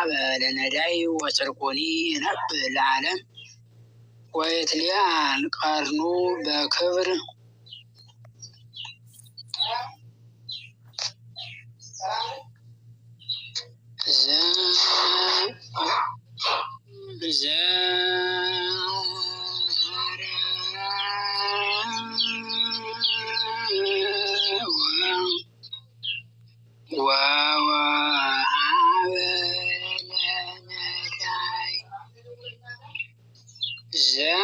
عبا لنداي وتركوني نب العالم ويتليان قارنو بكبر Wow. Же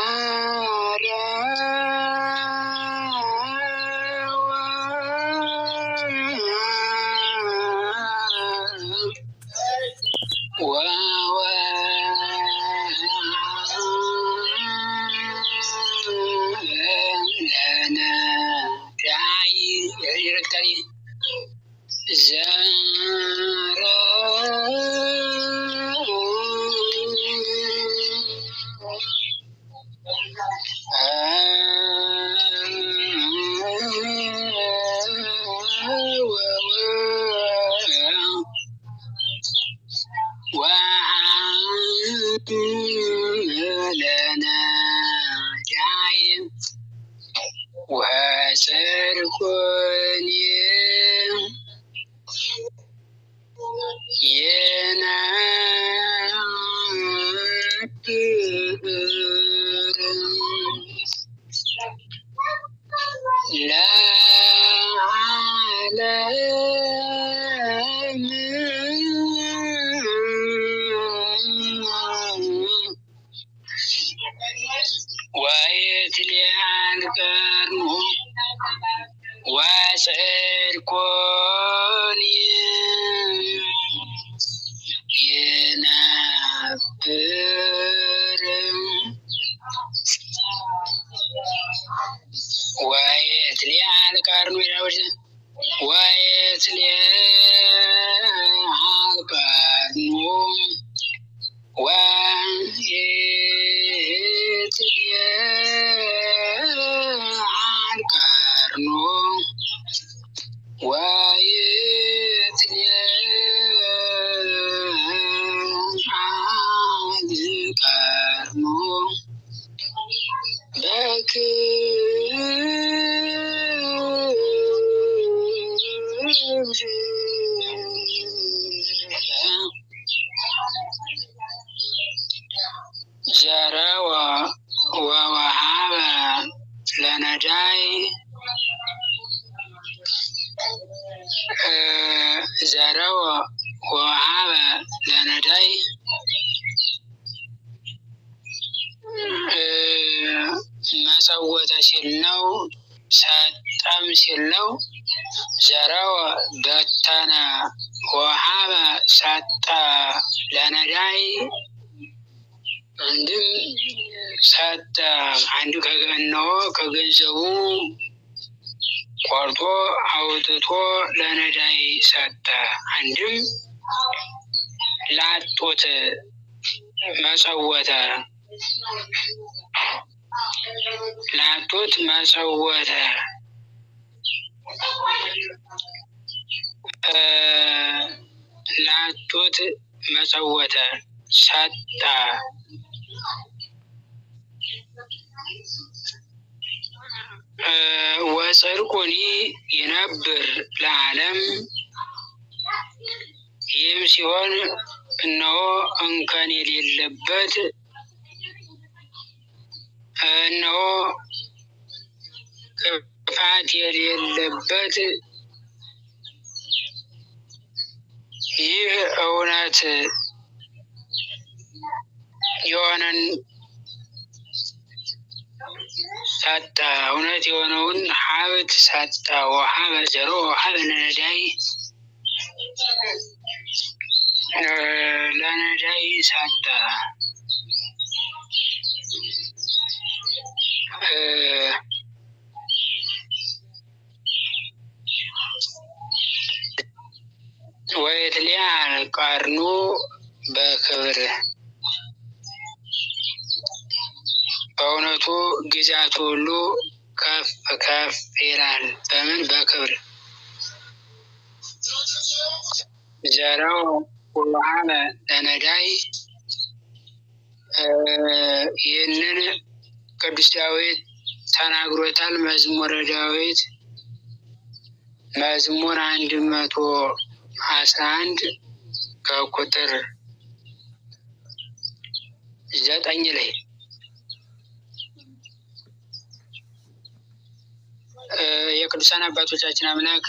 love. Mm-hmm. 我这里。ጠምስ የለው ዘረወ በተነ ወሃበ ሰጠ ለነዳይ አንድም ሰጠ አንዱ ከገነወ ከገንዘቡ ቆርጦ አውጥቶ ለነዳይ ሰጠ። አንድም ላጡት መጸወተ ላጡት መጸወተ ላጡት መጸወተ ሰጣ ወጽድቁኒ ይነብር ለዓለም። ይህም ሲሆን እነሆ እንከን የሌለበት እነሆ ጥፋት የሌለበት ይህ እውነት የሆነን ሳጣ እውነት የሆነውን ሀብት ሳጣ ውሃ በዘሮ ውሃ በነዳይ ለነዳይ ሳጣ ወየትሊያን ቃርኑ በክብር በእውነቱ ግዛቱ ሁሉ ከፍ ከፍ ይላል። በምን በክብር ዘራው ቁርአን ለነዳይ ይህንን ቅዱስ ዳዊት ተናግሮታል። መዝሙረ ዳዊት መዝሙር አንድ መቶ አስራ አንድ ከቁጥር ዘጠኝ ላይ የቅዱሳን አባቶቻችን አምላክ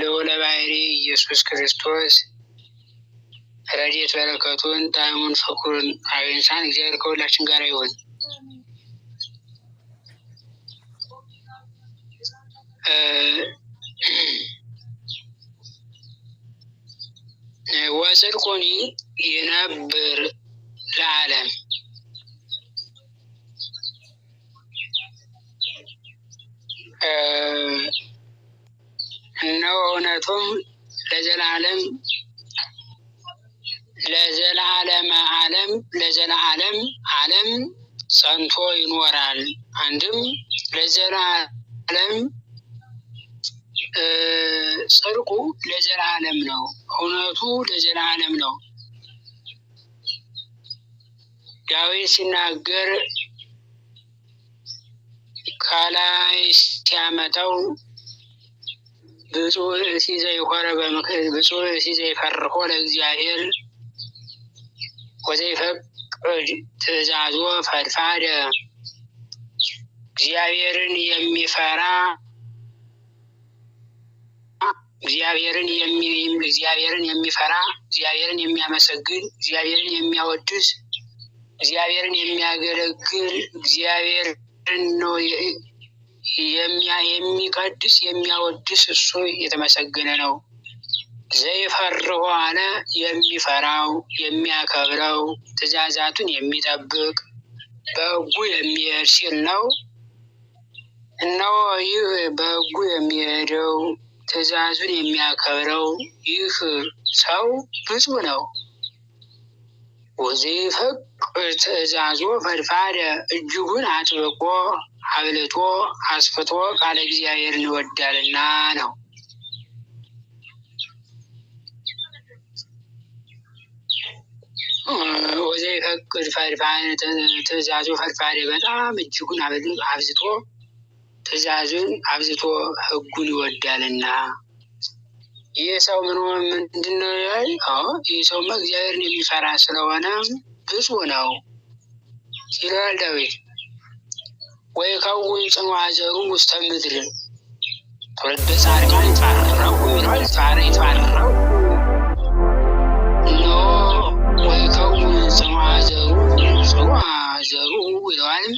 ልዑለ ባሕሪ ኢየሱስ ክርስቶስ ረድኤት በረከቱን ጣዕሙን ፍቅሩን አብንሳን እግዚአብሔር ከሁላችን ጋር ይሁን። ወጽድቁኒ ይነብር ለዓለም እነሆ እውነቱም ለዘላለም ለዘላለም ዓለም ለዘላለም ዓለም ጸንቶ ይኖራል። አንድም ለዘላለም ጽድቁ ለዘላለም ነው፣ እውነቱ ለዘላለም ነው። ዳዊት ሲናገር ከላይ ሲያመጣው ብፁዕ እሲ ዘይኮረ በምክር ብፁዕ እሲ ዘይፈርኮ ለእግዚአብሔር ወዘይፈቅድ ትእዛዞ ፈድፋደ እግዚአብሔርን የሚፈራ እግዚአብሔርን እግዚአብሔርን የሚፈራ እግዚአብሔርን የሚያመሰግን እግዚአብሔርን የሚያወድስ እግዚአብሔርን የሚያገለግል እግዚአብሔርን ነው የሚቀድስ የሚያወድስ እሱ የተመሰገነ ነው። ዘይፈርሆ አለ የሚፈራው የሚያከብረው ትእዛዛቱን የሚጠብቅ በሕጉ የሚሄድ ሲል ነው። እነሆ ይህ በሕጉ የሚሄደው ትእዛዙን የሚያከብረው ይህ ሰው ብፁዕ ነው። ወዚህ ፈቅ ትእዛዞ ፈድፋደ እጅጉን አጥብቆ አብልቶ አስፍቶ ቃለ እግዚአብሔር እንወዳልና ነው። ወዘይ ፈቅድ ትእዛዞ ፈድፋደ በጣም እጅጉን አብዝቶ ትእዛዙን አብዝቶ ህጉን ይወዳልና ይህ ሰው ምን ምንድን ነው ይላል። ይህ ሰው እግዚአብሔርን የሚፈራ ስለሆነ ብዙ ነው ይለዋል ዳዊት። ወይ ከውን ጽኑ አዘሩ ውስተ ምድር ትውልደ ጻድቃን ይትባረኩ ይለዋል። ጻረ ይትባረኩ ኖ ወይ ከውን ጽኑ አዘሩ ጽኑ አዘሩ ይለዋል።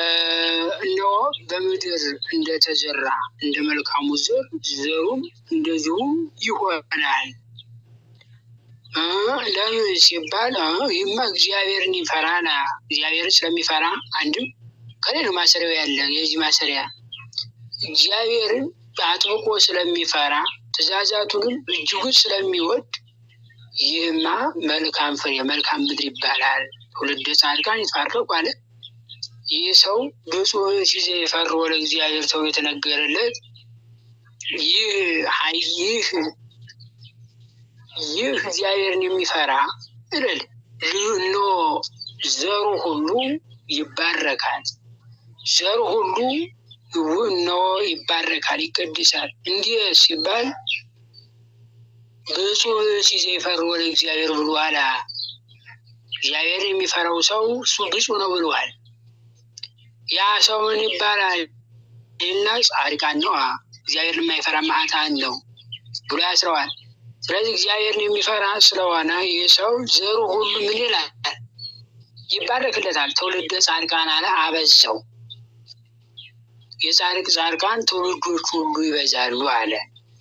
እነሆ በምድር እንደተዘራ እንደ መልካሙ ዘር ዘሩም እንደዚሁ ይሆናል። ለምን ሲባል ይህማ እግዚአብሔርን ይፈራና እግዚአብሔርን ስለሚፈራ አንድም ከሌሉ ማሰሪያው ያለ የዚህ ማሰሪያ እግዚአብሔርን አጥብቆ ስለሚፈራ ትእዛዛቱንም እጅጉን ስለሚወድ ይህማ መልካም ፍሬ መልካም ምድር ይባላል። ትውልደ ጻድቃን ይትባረክ አለ። ይህ ሰው በጽሁፍ የፈር ወደ እግዚአብሔር ሰው የተነገረለት ይህ ይህ ይህ እግዚአብሔርን የሚፈራ እልል ልዩኖ ዘሩ ሁሉ ይባረካል። ዘሩ ሁሉ ውኖ ይባረካል፣ ይቀድሳል። እንዲህ ሲባል በጽሁፍ የፈር የፈሮ እግዚአብሔር ብሏል። እግዚአብሔርን የሚፈራው ሰው እሱ ብፁዕ ነው ብለዋል። ያ ሰው ምን ይባላል? ይህና ጻድቃን ነው እግዚአብሔር የማይፈራ መዓት አለው ብሎ ያስረዋል። ስለዚህ እግዚአብሔርን የሚፈራ ስለሆነ ይህ ሰው ዘሩ ሁሉ ምን ይላል? ይባረክለታል። ትውልድ ጻድቃን አለ አበዛው። የጻድቅ ጻድቃን ትውልዶች ሁሉ ይበዛሉ አለ።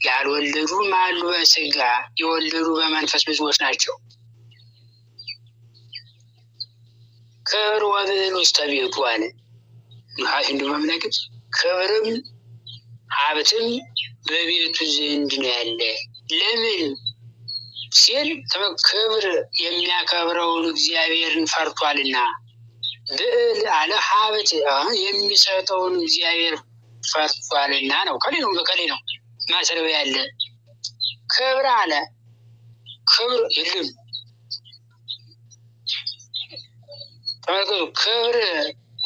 ያልወለዱ ማሉ በስጋ የወለዱ በመንፈስ ብዙዎች ናቸው። ክብር ወብል ውስተ ቤቱ አለ። መሀፍ እንደማምናገር ክብርም ሀብትም በቤቱ ዘንድ ነው ያለ። ለምን ሲል ክብር የሚያከብረውን እግዚአብሔርን ፈርቷልና ብዕል አለ ሀብት የሚሰጠውን እግዚአብሔር ፈርቷልና ነው። ከሌ ነው በከሌ ነው ማሰረው ያለ ክብር አለ ክብር የለም። ክብር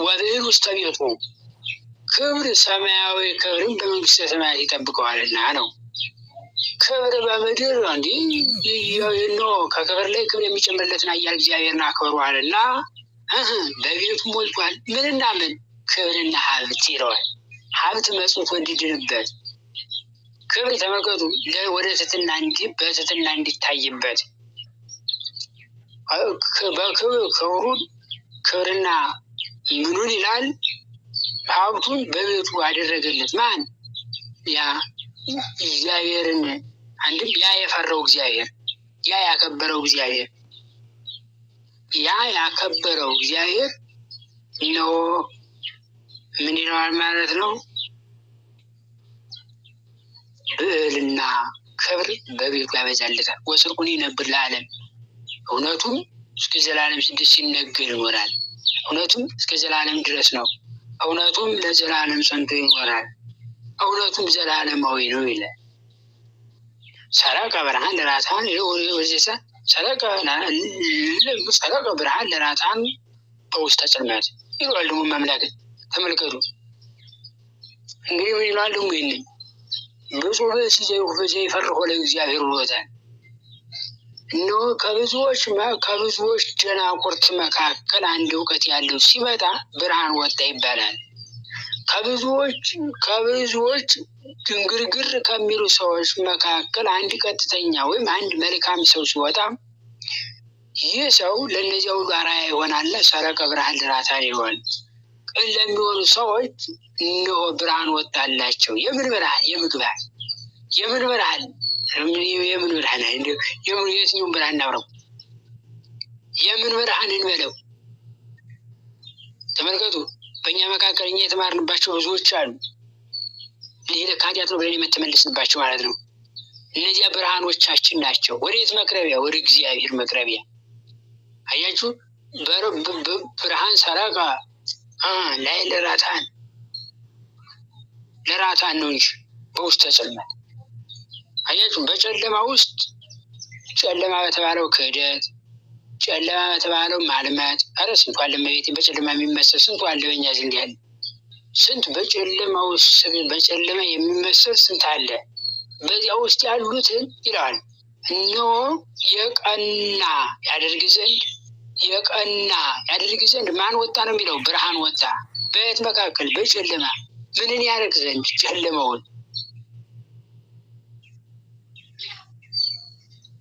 ወደ ውስጥ ቤቱ ክብር ሰማያዊ ክብርን በመንግስተ ሰማያት ይጠብቀዋልና ነው። ክብር በምድር እንዲህ ኖ ከክብር ላይ ክብር የሚጨምርለትን አያል እግዚአብሔርን አክብሯልና በቤቱ ሞልቷል። ምንና ምን ክብርና ሀብት ይለዋል። ሀብት መጽሑፍ እንዲድንበት ክብር ተመልከቱ፣ ወደ ትትና እንዲ በትትና እንዲታይበት ክብሩ ክብርና ምኑን ይላል ሀብቱን በቤቱ አደረገለት። ማን ያ እግዚአብሔርን አንድም ያ የፈራው እግዚአብሔር ያ ያከበረው እግዚአብሔር ያ ያከበረው እግዚአብሔር እነሆ ምን ይለዋል ማለት ነው። ብዕልና ክብር በቤቱ ያበዛለታል። ወስርቁን ይነብር ለዓለም እውነቱም እስከ ዘላለም ስድስት ሲነገር ይኖራል። እውነቱም እስከ ዘላለም ድረስ ነው፣ እውነቱም ለዘላለም ጸንቶ ይኖራል፣ እውነቱም ዘላለማዊ ነው ይለ ሰረቀ ብርሃን ለራታን ወዜሰ ሰረቀ ሰረቀ ብርሃን ለራታን በውስተ ጭልመት ይሏል። ደግሞ መምለክ ተመልከቱ እንግዲህ ምን ይሏል ደግሞ ይህንን ብፁዕ ብእሲ ዘይፈርሆ ለእግዚአብሔር ውሎታል እነሆ ከብዙዎች ከብዙዎች ደናቁርት መካከል አንድ እውቀት ያለው ሲመጣ ብርሃን ወጣ ይባላል። ከብዙዎች ከብዙዎች ግንግርግር ከሚሉ ሰዎች መካከል አንድ ቀጥተኛ ወይም አንድ መልካም ሰው ሲወጣ ይህ ሰው ለእነዚያ ሁሉ አርአያ ይሆናል። ሰረቀ ብርሃን ልራታን ይሆን ቅን ለሚሆኑ ሰዎች እነሆ ብርሃን ወጣላቸው። የምን ብርሃን? የምግባል የምን ብርሃን? የምን ብርሃን የምን የትኛውን ብርሃን እናብረው? የምን ብርሃን እንበለው? ተመልከቱ፣ በእኛ መካከል እኛ የተማርንባቸው ብዙዎች አሉ። ይሄ ለካዲያት ነው ብለን የምትመልስንባቸው ማለት ነው። እነዚያ ብርሃኖቻችን ናቸው። ወዴት መቅረቢያ? ወደ እግዚአብሔር መቅረቢያ። አያችሁ፣ ብርሃን ሰረቃ ላይ ለራታን ለራታን ነው እንጂ በውስጥ ተጽልመት አያችሁ በጨለማ ውስጥ ጨለማ በተባለው ክህደት፣ ጨለማ በተባለው ማልማት፣ አረ ስንቱ አለ እመቤቴ፣ በጨለማ የሚመሰል ስንቱ አለ። በእኛ ዘንድ ያለ ስንት በጨለማ ውስጥ በጨለማ የሚመሰል ስንት አለ። በዚያ ውስጥ ያሉትን ይለዋል እነሆ የቀና ያደርግ ዘንድ የቀና ያደርግ ዘንድ ማን ወጣ ነው የሚለው? ብርሃን ወጣ። በየት መካከል? በጨለማ ምንን ያደርግ ዘንድ ጨለማውን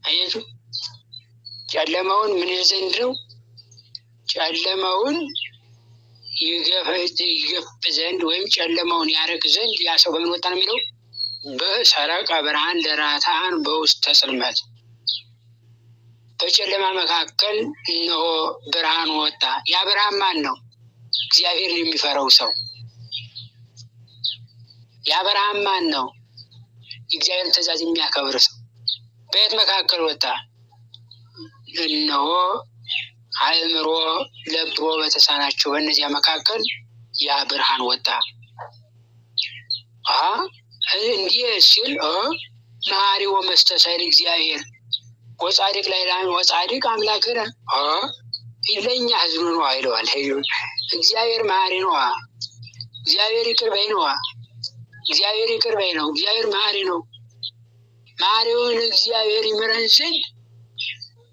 አያችሁ ጨለማውን ምን ዘንድ ነው? ጨለማውን ይገፍ ዘንድ ወይም ጨለማውን ያረግ ዘንድ ያ ሰው በምን ወጣ ነው የሚለው በሰረቀ ብርሃን ለራታን በውስጥ ተጽልመት በጨለማ መካከል እነሆ ብርሃን ወጣ። ያ ብርሃን ማን ነው? እግዚአብሔር የሚፈራው ሰው። ያ ብርሃን ማን ነው? የእግዚአብሔር ትእዛዝ የሚያከብር ሰው በየት መካከል ወጣ? እነሆ አእምሮ ለብሮ በተሳናቸው በእነዚያ መካከል ያ ብርሃን ወጣ። እንዲህ ሲል መሐሪ ወመስተሳይል እግዚአብሔር ወጻድቅ ላይ ላ ወጻድቅ አምላክ ለእኛ ህዝብ ነ ይለዋል። እግዚአብሔር መሐሪ ነዋ፣ እግዚአብሔር ይቅር በይ ነዋ፣ እግዚአብሔር ይቅር በይ ነው፣ እግዚአብሔር መሐሪ ነው ማሪውን እግዚአብሔር ይምረን ስል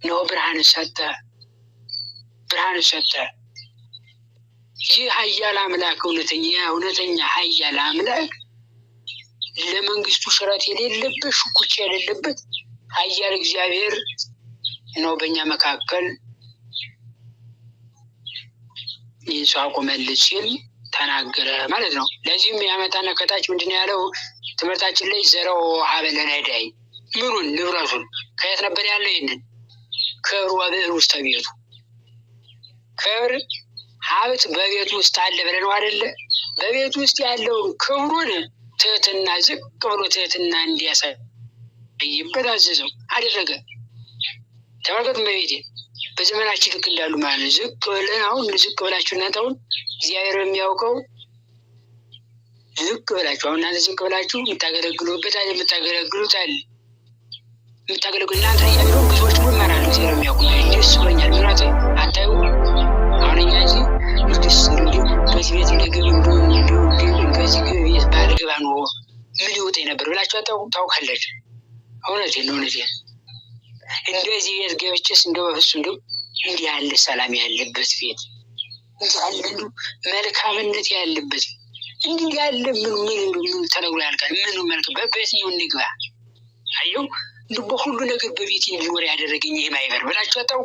ነው ብርሃን ሰጠ ብርሃን ሰጠ። ይህ ኃያል አምላክ እውነተኛ እውነተኛ ኃያል አምላክ ለመንግስቱ ስረት የሌለበት ሽኩች የሌለበት ኃያል እግዚአብሔር ነው በእኛ መካከል ይህን ሰው አቁመልት ሲል ተናገረ ማለት ነው። ለዚህም ያመጣና ከታች ምንድን ያለው ትምህርታችን ላይ ዘረው ሀበለን አይዳይ ምኑን ንብረቱን ከየት ነበር ያለው? ይህንን ክብር ወብዕር ውስጥ ቤቱ ክብር ሀብት በቤት ውስጥ አለ ብለን አደለ? በቤት ውስጥ ያለውን ክብሩን ትህትና፣ ዝቅ ብሎ ትህትና እንዲያሳይበት አዘዘው አደረገ። ተመልከቱ በቤቴ በዘመናችን ልክ እንዳሉ ማለት ዝቅ ብለን አሁን ዝቅ ብላችሁ እናንተ አሁን እግዚአብሔር የሚያውቀው ዝቅ ብላችሁ አሁን እናንተ ዝቅ ብላችሁ የምታገለግሉበት አለ የምታገለግሉት አለ የምታገለግሉ እናንተ ያሉ ብዙዎች ሞ ይመራሉ ዜ ነው የሚያውቁ ደስ ብሎኛል። ምናት አታዩ አሁን እኛ እዚህ ንግስ እንዲ በዚህ ቤት እንዲ እንዲ እንዲ በዚህ ቤት ባህል ገባ ምን ይወጣ ነበር ብላችሁ አታውቁ ታውቃላችሁ። እውነት ነው እውነት እንደዚህ ቤት ገብቼስ እንደ በፍሱ እንዲ እንዲህ ያለ ሰላም ያለበት ቤት እንዲህ ያለ መልካምነት ያለበት እንዲህ ያለ ምኑ ምኑ ተነግሮ ያልቃል? ምኑ መልክ በየትኛው እንግባ? አየው በሁሉ ነገር በቤት እንዲኖር ያደረገኝ ይህ ማይበር ብላችሁ አጣው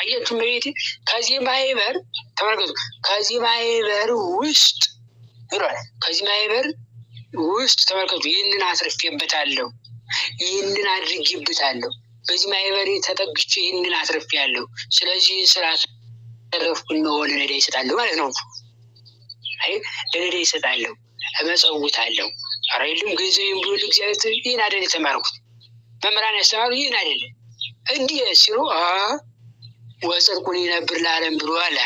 አያችሁ። በቤት ከዚህ ማይበር ተመልከቱ። ከዚህ ማይበር ውስጥ ይሏል። ከዚህ ማይበር ውስጥ ተመልከቱ። ይህንን አስርፌበታለሁ፣ ይህንን አድርጌበታለሁ። በዚህ ማይበር ተጠግቼ ይህንን አስርፌያለሁ። ስለዚህ ስራ ረፍኩ እንደሆነ ነዳ ይሰጣለሁ ማለት ነው። እኔ ይሰጣለሁ እመጸውታለሁ ኧረ የለም ገንዘብ ብሎ እግዚአብሔር ይህን አይደል የተማርኩት መምህራን ያስተማሩ ይህን አይደለም እንዲህ ሲሉ ወጽድቁን ይነብር ለዓለም ብሎ አለ።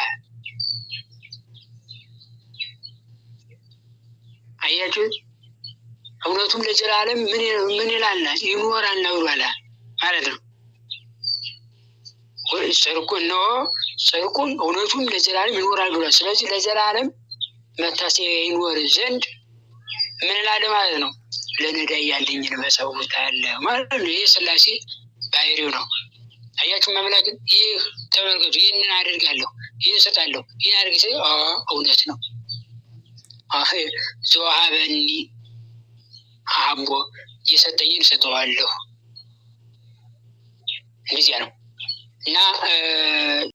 አያችሁት? እውነቱም ለዘላለም ምን ይላልና ይኖራል ነው ብሏል ማለት ነው። ጽድቁ እነሆ ጽድቁም እውነቱም ለዘላለም ይኖራል ብሏል። ስለዚህ ለዘላለም መታሰቢያ ይኖር ዘንድ ምን ላለ ማለት ነው። ለነዳይ ያለኝን መጸውታለ ማለት ነው። ይህ ስላሴ ባህሪው ነው። አያችሁ መምላክ ይህ ተመልከቱ። ይህንን አደርጋለሁ፣ ይህን እሰጣለሁ፣ ይህን አድርግ ሲ እውነት ነው። ዘወሀበኒ አቦ የሰጠኝን እሰጠዋለሁ። ጊዜ ነው እና